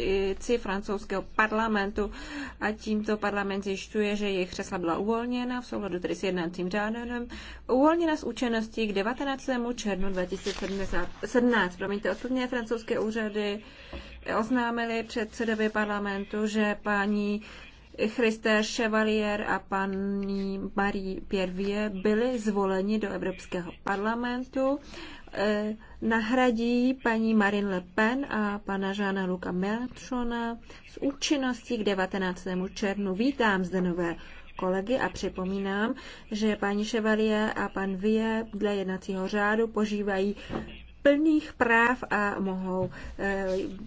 pozici francouzského parlamentu a tímto parlament zjišťuje, že jejich křesla byla uvolněna v souladu tedy s jednacím řádem, uvolněna z účinnosti k 19. černu 2017. Promiňte, odpovědně francouzské úřady oznámili předsedovi parlamentu, že paní Christé Chevalier a paní Marie Pierre byli zvoleni do Evropského parlamentu. E, nahradí paní Marine Le Pen a pana Žána Luka Melchona s účinností k 19. černu. Vítám zde nové kolegy a připomínám, že paní Chevalier a pan Vie dle jednacího řádu požívají plných práv a mohou e,